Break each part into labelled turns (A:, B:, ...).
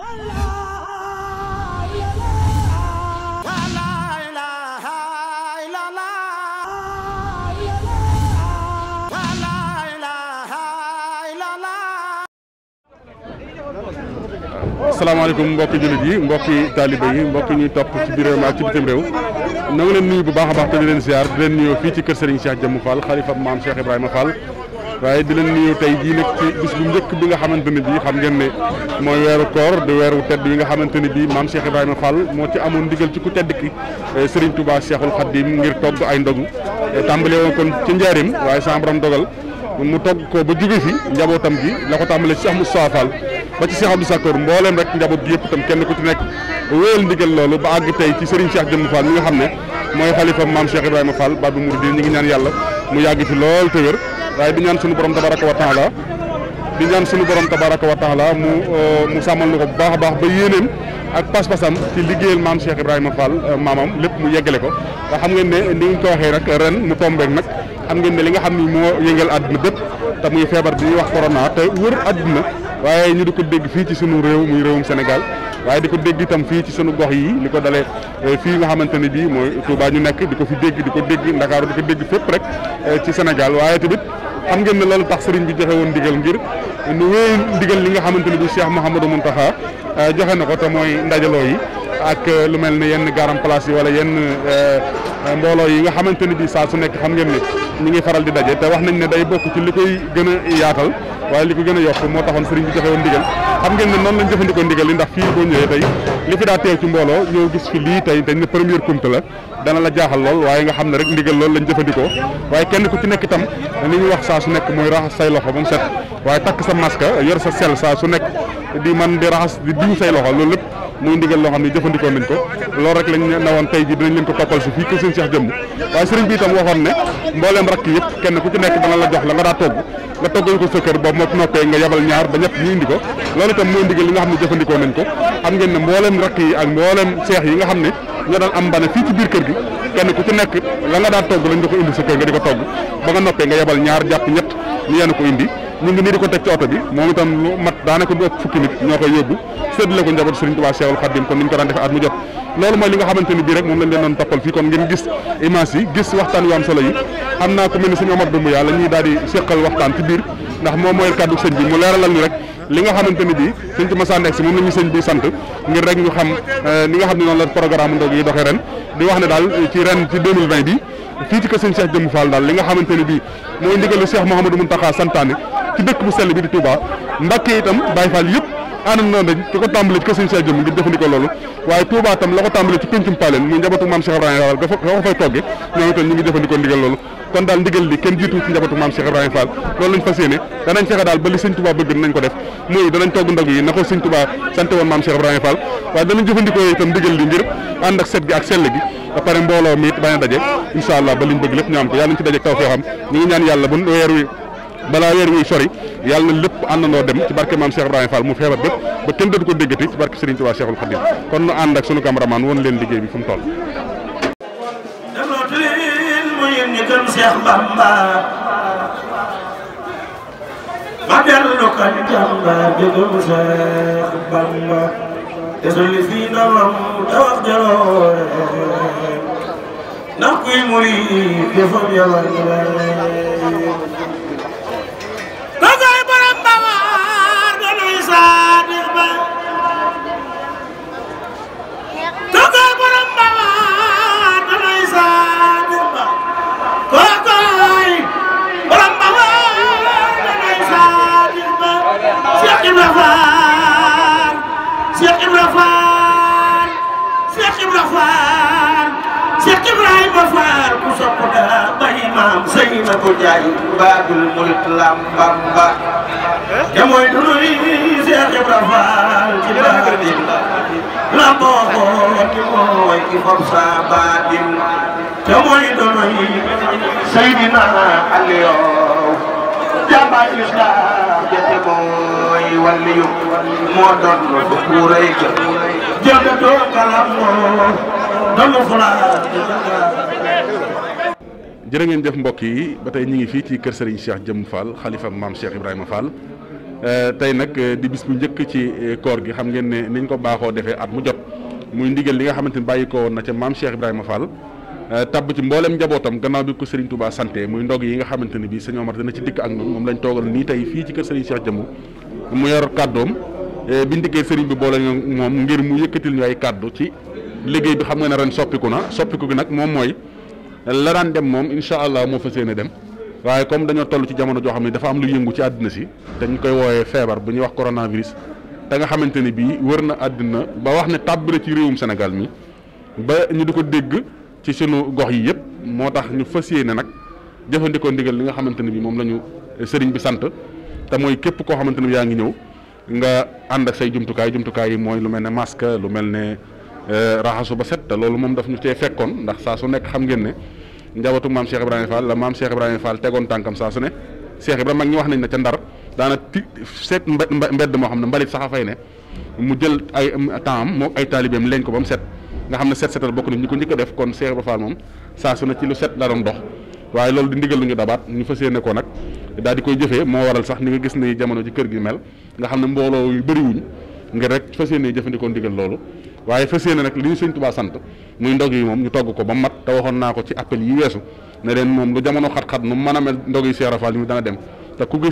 A: asalaamaaleykum mbokki jullit yi mbokki taalibe yi mbokki ñuy topp ci biir réew mi ak ci bitim réew na nga leen nuyu bu baax a baax te di leen ziar di leen nuyoo fii ci kër Serigne Cheikh Jëmm Fall xalifa maam Cheikh Ibrahima Fall waaye di leen nuyu tey jii nag ci bis bu njëkk bi nga xamante ne bii xam ngeen ne mooy weeru koor di weeru tedd yi nga xamante ne bii maam Cheikh Ibrahima Fall moo ci amoon ndigal ci ku tedd ki eh, Serigne Touba Cheikhul Khadim ngir togg ay ndogu eh, tàmbalee kon ci njaarim waaye sa borom dogal mu togg ko ba jóge fi njabootam gi la ko tàmbalee Cheikh Moustapha Fall ba ci Cheikh Abdou Sakor mbooleem rek njaboot bi yëpp itam kenn ku ci nekk wéyal ndigal loolu ba àgg tey ci Serigne Cheikh Jëmm Fall mi nga xam ne mooy xalifam maam Cheikh Ibrahima Fall Babou Mouridine ñi ngi ñaan yàlla mu yàgg fi lool te wér Rai di ñaan sunu borom tabara wa taala ñaan sunu borom tabara wa taala mu euh, mu sàmmal nu ko baax baax ba yéeneem ak pas-pasam ci liggéeyal maam Cheikh Ibrahima Fall euh, maamam lépp mu yeggale ko xam ngeen ne ni ñu ko waxee nag ren mu tombeek nag xam ngeen ne li nga xam ni moo yëngal àdduna bépp te muy feebar bi ñuy wax corona te wër àdduna waaye ñu di ko dégg fii ci sunu réew muy réewum Sénégal waaye di ko dégg itam fii ci sunu gox yi li ko dalee euh, fii nga xamante ne bii mooy Touba ñu nekk di ko fi dégg di ko dégg Ndakaaru di ko dégg fépp rek ci Sénégal waaye tamit xam ngeen ne loolu tax sëriñ bi joxe woon ndigal ngir nu wéy ndigal li nga xamante ne bi Cheikh Mouhamadou Mountakha euh, joxe na ko te mooy ndajaloo yi ak euh, lu mel ne yenn garam place yi wala yenn euh, mbooloo yi nga xamante ne bi saa su nekk xam ngeen ne ñu ngi faral di daje te wax nañ ne day bokk ci li koy gën a yaatal waaye li ko gën a yokk moo taxoon sëriñ bi joxe woon ndigal xam ngeen ne noonu lañ jëfandikoo ndigal li ndax fii boo ñëwee tey li fi daa teew ci mbooloo ñoo gis fi lii tey dañ ne première kumte la dana la jaaxal lool waaye nga xam ne rek ndigal lool lañ jëfandikoo waaye kenn ku ci nekk itam ni ñu wax saa su nekk mooy raxas say loxo ba mu set waaye takk sa maska yor sa sel saa su nekk di man di raxas di ñu say loxo loolu lépp muy ndigal loo xam ne jëfandikoo nañ ko loolu rek lañ ne woon tey ji dinañ leen ko toppal si fii ko seen seex jëmm waaye sëriñ bi itam waxoon ne mbooleem rakk kenn ku ci nekk dana la jox la nga daa togg nga toggal ko sa kër boobu moo noppee nga yabal ñaar ba ñett ñu indi ko nga xam ne jëfandikoo nañ ko xam ngeen ne mbooleem rakk yi ak nga xam ne ñoo am mbane fii kër gi kenn ku ci nekk la nga daa togg lañ nga ko indi sa kër nga di ko togg ba nga noppee nga yabal ñaar jàpp ñett ñu yenn ko indi ñu ngi nii ko teg ci bi moom itam lu mat daanaka du ëpp fukki nit ñoo koy yóbbu séddale ko njaboot Serigne Touba Cheikhul Khadim kon ni ñu ko daan defee at mu jot loolu mooy li nga xamante ni bii rek moom lañ leen ni moom mooy kàddu bii sëñ ci Massa nekk sant ngir rek ñu xam li eh, nga xam ne noonu la programme ndog yi doxee ren di wax ne daal ci ren ci 2020 bi fii ci kër sëñ Cheikh Jëmm Fall daal li nga xamante bii mooy ndigalu Cheikh Mouhamadou Mountakha santaane ci dekk bu sel bi di Touba Mbàkke itam Baye Fall yëpp ànd non rek ko tàmbali ko kër Sëñ Cheikh Jëm ngir jëfandikoo loolu waaye Touba tam lako ko ci péncum palen muy njabootu mam Cheikh ibrahim Fall ga ko fay togge ñoo itam ñu ngi defandiko ndigal loolu kon dal ndigal li kenn jitu ci njabootu mam Cheikh ibrahim Fall loolu lañ fas da nañ fexe dal ba li Sëñ Touba bëgg nañ ko def muy nañ togg ndag yi nako ko Touba sant won mam Cheikh ibrahim Fall da nañ jëfandiko itam ndigal li ngir and ak set gi ak sel gi ba pare mbolo mi baña dajé inshallah ba liñ bëgg lepp ñu am ko yalla ñu ci dajé taw xam ñi ñaan yalla bu wër wi balaa weer wi sori yàlla na lépp dem ci barke maam Cheikh Ibrahima Fall mu feebar bépp ba kenn dootu ko déggati ci barke Serigne Touba Cheikhul Khadim kon nu ànd ak cameraman leen liggéey bi fu
B: Fall Cheikh Ibra Fall Cheikh Ibra Fall Cheikh Ibrahima Fall ku sopp daa bay maam sëy na ko jaay baabul mulk lambamba te mooy turuy Cheikh Ibra Fall ci baatin la booboo ti mooy ki fob sa baatin te mooy donoy Seydina Aliou jàmbaar Islam ko
A: ngeen jëf mbokk yi ba tey ñu ngi fii ci kër Serigne Cheikh Jëm Fall xalifa maam Cheikh Ibrahima Fall euh, tey nag euh, di bis bu njëkk ci euh, koor gi xam ngeen ne niñ ko baaxoo defee at mu jot muy ndigal li nga xamante ni bàyyi ko woon na ca maam Cheikh Ibrahima Fall Eh, tabb ci mbollem njabotam gannaaw bi ko Serigne Touba santé muy ndog yi nga xamanteni bi serigne Omar dina ci dik ak ñun moom lañ togal ni tay fi ci keur Serigne Cheikh Jëmb mu yor kàddoom eh, bi ndike Serigne bi boole mom ngir mu yëkëtil ñu ay kaddu ci liggéey bi xam nga na ren soppiku na soppiku gi nak mom moy la ran dem mom inshallah mo moo fas dem waye comme dañu tollu ci jamono jo xamni dafa am lu yëngu ci aduna si dañ koy woyé fièvre bu ñu wax coronavirus da nga xamanteni bi wërna aduna na ba wax ne tàbb ci réewum Sénégal mi ba ñu diko dégg ci sunu gox yi yëpp moo tax ñu fas ne nag jëfandikoo ndigal li nga xamante ne bi moom la ñu sëriñ bi sant te mooy képp koo xamante ne bi yaa ngi ñëw nga ànd ak say jumtukaay jumtukaay yi mooy lu mel ne masque lu mel ne euh, raxasu ba set te loolu moom daf ñu cee fekkoon ndax saa su nekk xam ngeen ne njabootu maam Cheikh Ibrahima Fall la maam Cheikh Ibrahima Fall tegoon tànkam saa su ne Cheikh Ibrahima mag ñi wax nañ ne ca Ndar daana ti seet mbedd moo xam ne mbalit sax a fay ne mu jël ay temps am moo ay taalibeem leen ko ba mu set. nga xam ne set setal bokk na ñu ko njëkk a def kon Cheikh Ibra Fall moom saa su ne ci lu set la doon dox waaye loolu di ndigal lu ñu dabaat ñu fas yéene ko nag daal di koy jëfee moo waral sax ni nga gis ne jamono ji kër gi mel nga xam ne mbooloo bëriwuñ ngir rek fas yéene jëfandikoo ndigal loolu waaye fas yéene nag li ñu sëñ Tuubaa sant muy ndog yi moom ñu togg ko ba mat te waxoon naa ko ci appel yi weesu ne leen moom lu jamono xat-xat nu mën a mel ndog yi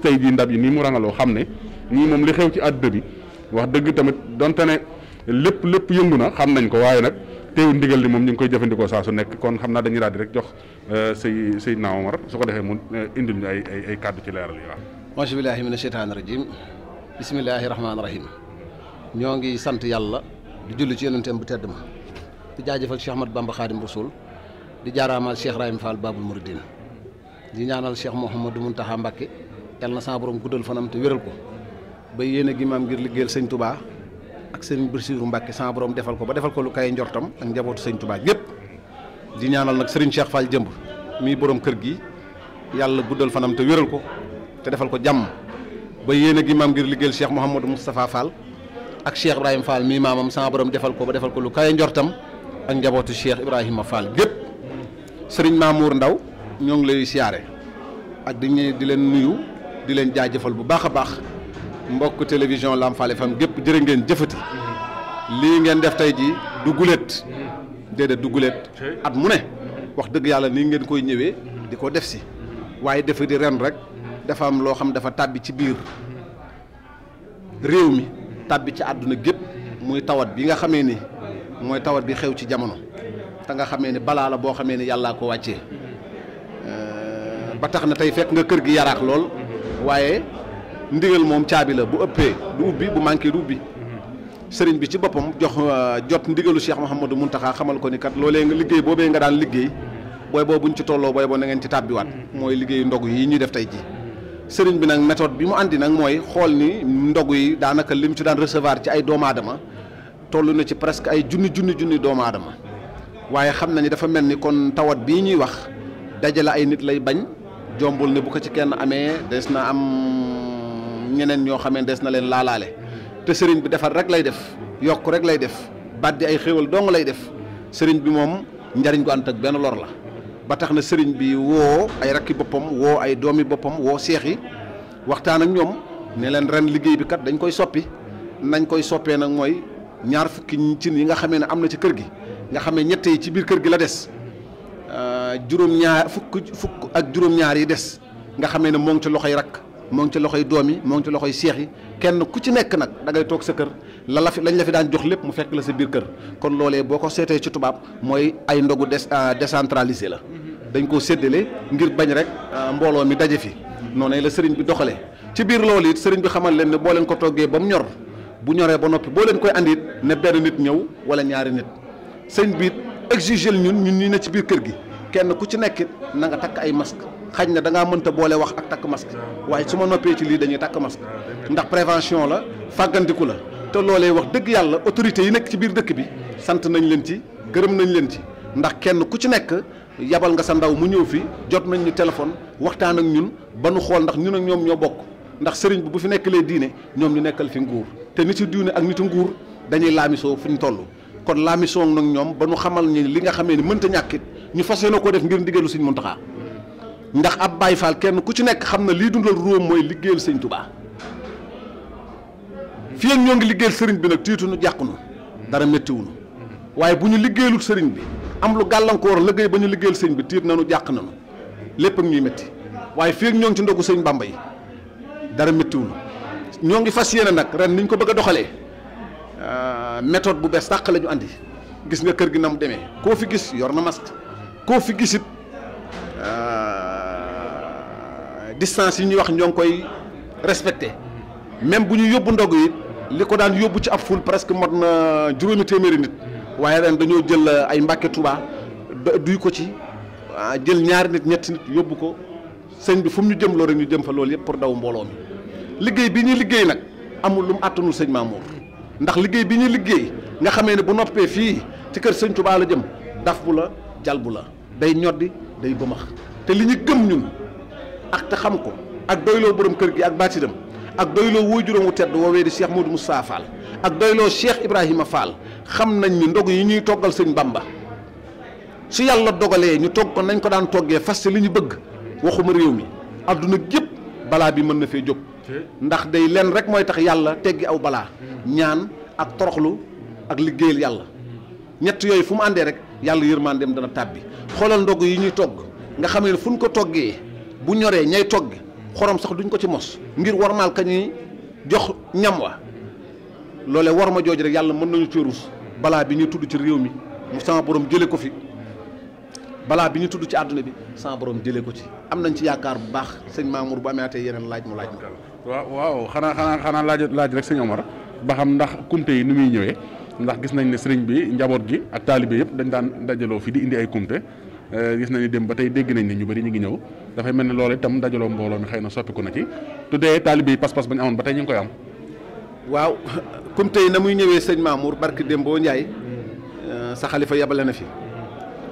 A: tey jii ndab yi nii mu xam ne ñii moom li xew ci àdduna bi wax lépp lépp yëngu na xam nañ ko waaye nag teewul ndigal li moom ñu ngi koy jëfandikoo saa su nekk kon xam naa dañuy daal rek jox euh, sëy Seydina Omar su ko defee mun euh, indi ñu ay ay ay kàddu ci leeral yi
B: waaw. auzu billaahi mina sheytaani rajiim bismillaahi rahmaani rahiim ñoo ngi sant yàlla di julli ci yonenteem bu tedd ma di jaajëfal Cheikh Ahmad Bamba Xaadim Rasuul di jaaraamaal Cheikh Rahim Fall Babul Mouridine di ñaanal Cheikh Mouhamadou Mountakha Mbacké yàlla na sa borom guddal fanam te wéral ko ba yéene gi maam ngir liggéeyal sëñ Touba ak sëriñ Bassirou Mbacke sama borom defal ko ba defal ko lu kay njortam ak njabootu sëñ Touba ñëpp di ñaanal nag sëriñ Cheikh Fall jëmb mii borom kër gi yàlla guddal fanam te wéral ko te defal ko jàmm ba yéene gi maam ngir liggéeyal Cheikh Mouhamadou Moustapha faal ak Cheikh Ibrahima Fall mii maamam sama borom defal ko ba defal ko lu kay njortam ak njabootu Cheikh Ibrahima Fall gépp sëriñ Mamour Ndaw ñoo ngi lay siyaare ak di di leen nuyu di leen jaajëfal bu baax a baax. mbokk télévision Lamfal FM gépp jërë ngeen jëfati lii ngeen def tey jii du guléet déedéet du guléet at mu ne wax dëgg yàlla nii ngeen koy ñëwee di ko def si waaye dafa di ren rek dafa am loo xam dafa tàbbi ci biir réew mi tàbbi ci àdduna gépp muy tawat bi nga xamee ni mooy tawat bi xew ci jamono te nga xamee ni balaa la boo xamee ni yàllaa ko wàcce euh, ba tax na tey fekk nga kër gi yaraax lool waaye ndigal mom tiabi la bu uppe du ubbi bu manki du ubbi sëriñ bi ci bopam jox euh, jot ndigalu Cheikh mohammed muntaha xamal ko ni kat lolé nga liggey bobé nga daan liggey boy bo buñ ci tolo boy bo na ngeen ci wat moy liggey ndog yi ñuy def tay ji serigne bi nak méthode bi mu andi nak moy xol ni ndog yi daanaka lim ci daan recevoir ci ay doom adama tollu na ci presque ay junni junni junni doom adama waye xam nañu dafa melni kon tawat bi ñuy wax dajala ay nit lay bañ jombul ne bu ko ci kenn amé des am ñeneen ño xamé des na leen laalaale te sëriñ bi défar rek lay def yok rek lay def baddi ay xéewal dong lay def sëriñ bi mom ndariñ ko ànd ak benn lor la ba tax na sëriñ bi wo ay rakki bopam wo ay doomi bopam wo seex yi waxtaan ak ñom ne leen ren liggéey bi kat dañ koy soppi nañ koy soppé nak moy ñaar fukki ci yi nga xamé ne amna ci kër gi nga xamé ñett ci biir kër gi la des euh, juroom ñaar fukk fukk ak juroom ñaar yi des nga xamé ne mo ngi ci loxoy rak moo ngi ci loxoy doom yi moo ngi ci loxoy seex yi kenn ku ci nekk nag da ngay toog sa kër la la fi lañ la fi daan jox lépp mu fekk la sa biir kër kon loolee boo ko seetee ci tubaab mooy ay ndogu des décentralisé la dañ koo séddale ngir bañ rek mbooloo mi daje fi noonu la sëriñ bi doxalee ci biir loolu it sëriñ bi xamal leen ne boo leen ko toggee ba mu ñor bu ñoree ba noppi boo leen koy andi it ne benn nit ñëw wala ñaari nit sëñ bi exigé ñun ñun ñu ne ci biir kër gi kenn ku ci nekk na nga takk ay masque xañ na da boleh mënta bolé wax ak tak masque waaye suma ma ci li dañuy tak masque ndax prévention la fagandiku la té lolé wax dëgg yalla autorité yi nek ci biir dëkk bi sant nañ leen ci gërëm nañ leen ci ndax kenn ku ci nek yabal nga sa ndaw mu ñëw fi jot nañ ñu téléphone waxtaan ak ñun ba nu xol ndax ñun ak ñom ñoo bok ndax sëriñ bu fi lé diine ñom ñu nekkal fi nguur té nit yu diine ak nitu nguur dañuy lamiso fu ñu kon lamiso nag ñom ba nu xamal ñi li nga xamé ni mënta ñàkkit ñu fassé nako def ngir ndigalu ndax ab Baay Faal kenn ku ci nekk xam na lii dundal róom mooy liggéeyal sëñ Tubaa fii ak ñoo ngi liggéeyal sëriñ bi nag tiituñu jàqunu dara méttiwunu waaye bu ñu liggéeyalul sëriñ bi am lu gàllankoor liggéey ba ñu liggéeyal sëñ bi tiit nanu jàq nanu lépp ak ñuy metti waaye fii ak ñoo ngi ci ndogu sëñ Bàmba yi dara méttiwunu ñoo ngi fas yéene nag ren niñ ko bëgg a doxalee euh, méthode bu bees tàq lañu ñu gis nga kër gi na mu demee koo fi gis yor na masque koo fi gisit distance yi ñuy wax ñoo ngi koy respecté même bu ñu yóbbu ndog yi li ko daan yóbbu ci ab ful presque mot na juróomi téeméeri nit waaye ren dañoo jël uh, ay mbàkke Touba duy ko ci uh, jël ñaari nit ñetti nit yóbbu ko sëñ bi fu mu ñu jëm loo rek ñu jëm fa loolu yëpp pour daw mbooloo mi liggéey bi ñuy liggéey nag amul lu mu àttanul sëñ Mamour ndax liggéey bi ñuy liggéey nga xamee ne bu noppee fii ci kër sëñ Touba la jëm daf bu la jal bu la day ñoddi day bëmax te li ñu ak te xam ko ak doylo borom keur gi ak batidam ak doylo waajuram wu tedd woowee di Cheikh Modou Moussa Fall ak doylo Cheikh Ibrahima Fall xam nañ ni ndog yi ñuy togal sëñ Bamba su yàlla dogale ñu tok ko nañ ko daan togge fas li ñu bëgg waxuma rew mi aduna gep bala bi mëna fe jóg ndax day leen rek moy tax yàlla teggi aw bala ñaan ak toroxlu ak liggeel yàlla ñett yoy fu mu ande rek yàlla yermandem dana tàbbi xolal ndog yi ñuy tok nga xamé fuñ ko toggé bu ñoree ñay togg xorom sax duñ ko ci mos ngir warmaal ka ñuy jox ñam wa loole war ma jooju rek yàlla mën nañu ci ruus balaa bi ñuy tudd ci réew mi mu borom jële ko fi balaa bi ñu tudd ci àdduna bi sama borom jëlee ko ci am nañ ci yaakaar bu baax sëñ Mamour bu amee tey yeneen laaj mu laaj ma.
A: waaw waaw xanaa xanaa laaj laaj rek sëñ Omar ba xam ndax kumte yi ni muy ñëwee ndax gis nañ ne sëriñ bi njaboot gi ak taalibe yëpp dañ daan dajaloo fi di indi ay kumte Euh, gis nañu dem ba tey dégg nañ ne ñu bëri ñu ngi ñëw dafay mel ne loolu itam dajaloo mbooloo mi xëy na soppiku na ci
B: tuddee taalibe yi pas-pas ba ñu amoon ba tey ñu koy am. waaw comme tey na muy ñëwee sëñ Mamour barki Dembo Ndiaye euh, sa xalifa yabale na fi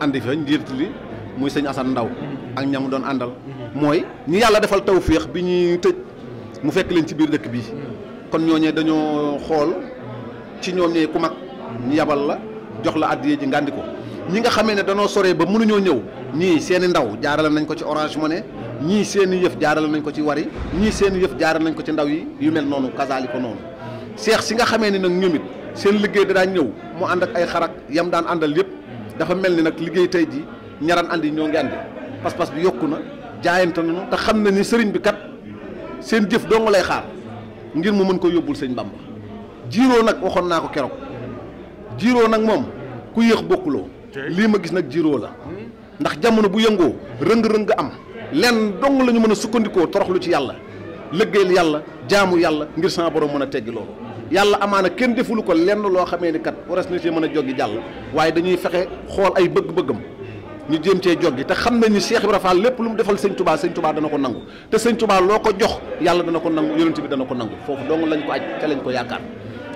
B: andi fa njiit li muy sëñ Assane Ndaw ak ñamu doon àndal mooy ñi yàlla defal tawféex bi ñuy tëj mu fekk leen ci biir dëkk bii kon ñooñee dañoo xool ci ñoom ñee ku mag ñu yabal la jox la àddiyee ji ngàndi ko ñi nga xamee ne danoo sore ba mënuñoo ñëw ñii seeni ndaw jaarale nañ ko ci Orange Money ñii seen yëf jaarale nañ ko ci war Wari ñii seen yëf jaarale nañ ko ci ndaw yi yu mel noonu kasaali ko noonu seex si nga xamee ne nag ñoom it seen liggéey dadaañ ñëw mu ànd ak ay xarak yam daan àndal yëpp dafa mel ni nag liggéey tey ji ñaran àndi ñoo ngi àndi pas-pas bi yokku na jaayante nañu te xam na ni sëriñ bi kat seen jëf dong lay xaar ngir mu mën ko yóbbul sëñ Bamba jiiroo nag waxoon naa ko keroog jiiroo nag moom ku yéex bokkuloo lima gis nak jiro la ndax jamono bu yengo reung reung am len dong lañu mëna sukkandiko a sukkandikoo toroxlu ci yalla, leggeel yalla, jaamu yalla ngir sama borom mëna teggi lool yalla amana kenn deful ko len lo xamé ni kat waras ni ci mëna joggi jall waye dañuy fexé xol ay bëgg bëggum ñu jëm ci joggi te xam nañu Cheikh Ibra Fall lu mu defal seigne Touba seigne Touba dana ko nangu te seigne Touba loko jox yalla dana ko nangu yoonte bi dana ko nangu fofu dong lañ ko aj te lañ ko yaakaar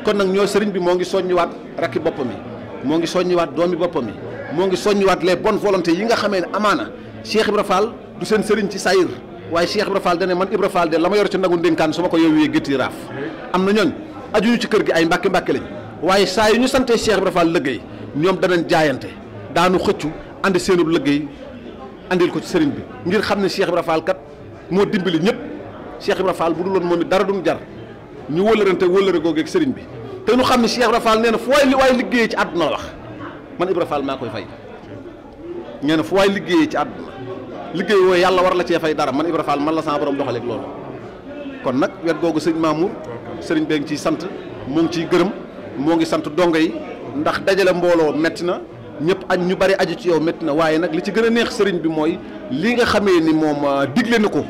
B: kon nak ñoo serigne bi mo ngi wat rakki bopami mo ngi wat doomi bopami moo ngi waat les bon volontés yi nga xamee ne amaana Cheikh Ibra Fall du seen sëriñ ci sayir waaye Cheikh Ibra Fall dane man Ibra Fall de la ma yor ci nagu ndénkaan su ma ko yowee gëtti raaf am na ñooñ ajuñu ci kër gi ay mbàkki mbàkki lañ waaye saa yu ñu santee Cheikh Ibra Fall liggéey ñoom danañ jaayante daanu xëccu andi seenub liggéey andil ko ci sëriñ bi ngir xam ne Cheikh Ibra Fall kat moo dimbali ñëpp Cheikh Ibra Fall bu dul woon moom dara duñ jar ñu wëlërante wëlëre googeeg sëriñ bi te ñu xam ne Cheikh Ibra Fall nee na fooy li ci àdduna wax man Ibra Fall maa koy fay nee fu waay liggéeyee ci àdduna liggéey wooyu yàlla war la cee fay dara man Ibra Fall man la sama borom doxaleeg loolu kon nag wet googu sëñ Mamour sëriñ bee ciy sant moo ngi ciy gërëm moo ngi sant dongo yi ndax dajale mbooloo metti na ñëpp añ ñu bari aju ci yow metti na waaye nag li ci gën a neex sëriñ bi mooy li nga xamee ni moom euh, digle na ko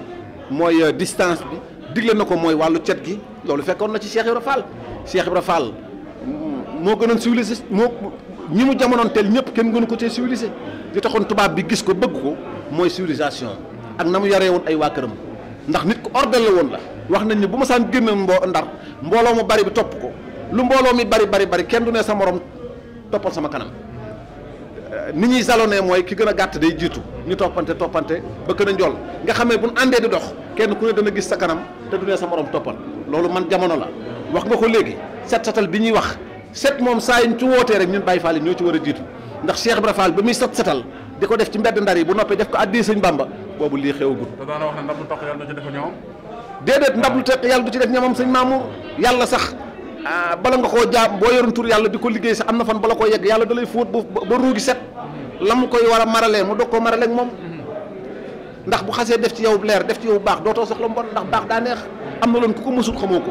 B: mooy euh, distance bi digle na ko mooy wàllu cet gi loolu fekkoon na ci Cheikh Ibra Fall Cheikh Ibra Fall moo gënoon civilisé moo ñi mu jamonoon teel ñëpp kenn gënu ko cee civilisé li taxoon tubaab bi gis ko bëgg ko mooy civilisation ak na mu yaree woon ay waa këram ndax nit ku ordel la woon la wax nañ ne bu ma saan génne mboo ndar mbooloo mu bari bi topp ko lu mbooloo mi bari bari bari kenn du ne sa morom toppal sama kanam euh, ni ñuy salonee mooy ki gën a gàtt day jiitu ñu toppante toppante ba gën a njool nga xamee bu ñu àndee di dox kenn ku ne dana gis sa kanam te du ne sa morom toppal loolu man jamono la wax nga ko léegi set bi ñuy wax set moom saa yuñ ci wootee rek ñun Baye faal yi ñoo ci war a jiitu ndax Cheikh Ibra Fall ba muy set setal di ko def ci mbedd ndar yi bu noppee def ko àddee sëñ Bamba boobu lii xewagul.
A: te daanaka wax ne ndab lu toq yàlla du ci def ñoom.
B: déedéet ndab lu toq sax ah, bala nga koo jaam boo yoroon tur yàlla di ko liggéey sax am na fan bala koo yegg yàlla da lay fóot ba ruugi set la mu koy war a maralee mu doog koo maralee ak moom ndax bu xasee def ci yow leer def ci yow baax dootoo soxla mbon ndax baax daa neex am na loon ku ko mësul xamoo ko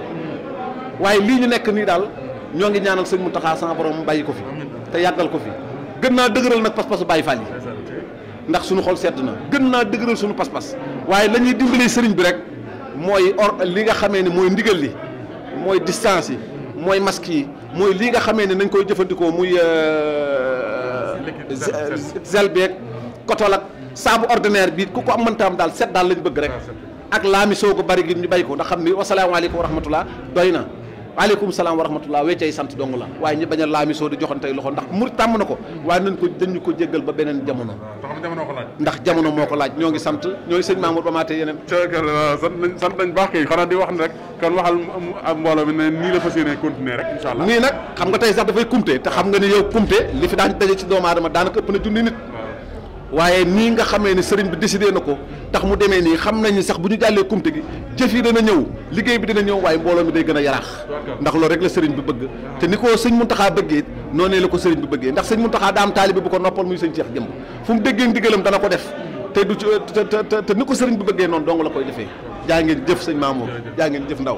B: waaye lii ñu nekk nii daal ñoo ngi ñaanal sëñ Mountakha sama borom bàyyi ko fi te yàggal ko fi gën naa dëgëral nag pas-pasu Baye Fall ndax suñu xol sedd na gën naa dëgëral suñu pas-pas waaye la ñuy dimbalee sëriñ bi rek mooy or li nga xamee ne mooy ndigal li mooy distance yi mooy masque yi mooy lii nga xame ne nañ koy jëfandikoo muy euh, gel beeg kotol ak saabu ordinaire bi ku ko am mënta am daal set daal lañ bëgg rek ah, ak mi soo ko bari gi ñu bay ko ndax xam ni wasalaamaaleykum wa rahmatullah doy na waaleykum salaam wa rahmatullah weccay sant dong la waaye ñu bañ a laamisoo di joxantey loxo ndax mur tàmm na ko waaye nañ ko dañu ko jéggal ba beneen jamono ndax jamono moo ko laaj ñoo ngi sant ñooy sëñ Mamour ba maatee yeneen euh, sant nañ sant nañ baax kay xanaa di wax ne rek kon waxal mbooloo mi ne nii la fas yéene continuer rek incha allah nii nag xam nga tey sax dafay kumte te xam nga ni yow kumte li fi daan daje ci doomu aadama daanaka ëpp na junni nit waaye nii nga xamee ne sëriñ bi décidé na ko tax mu demee nii xam nañu sax bu ñu jàllee kumte gi jëf yi dana ñëw liggéey bi dana ñëw waaye mbooloo mi day gën a yaraax ndax loolu rek la sëriñ bi bëgg te ni ko sëñ Muntaxa bëggee noonu la ko sëriñ bu bëggee ndax sëñ Muntaxa daa am taalibe bu ko noppal muy sëñ Seex jëmb fu mu déggee ndigalam dana ko def te du ci te te ni ko sëriñ bu bëggee noonu dong la koy defee jaa ngeen jëf sëñ Maamour jaa ngeen jëf ndaw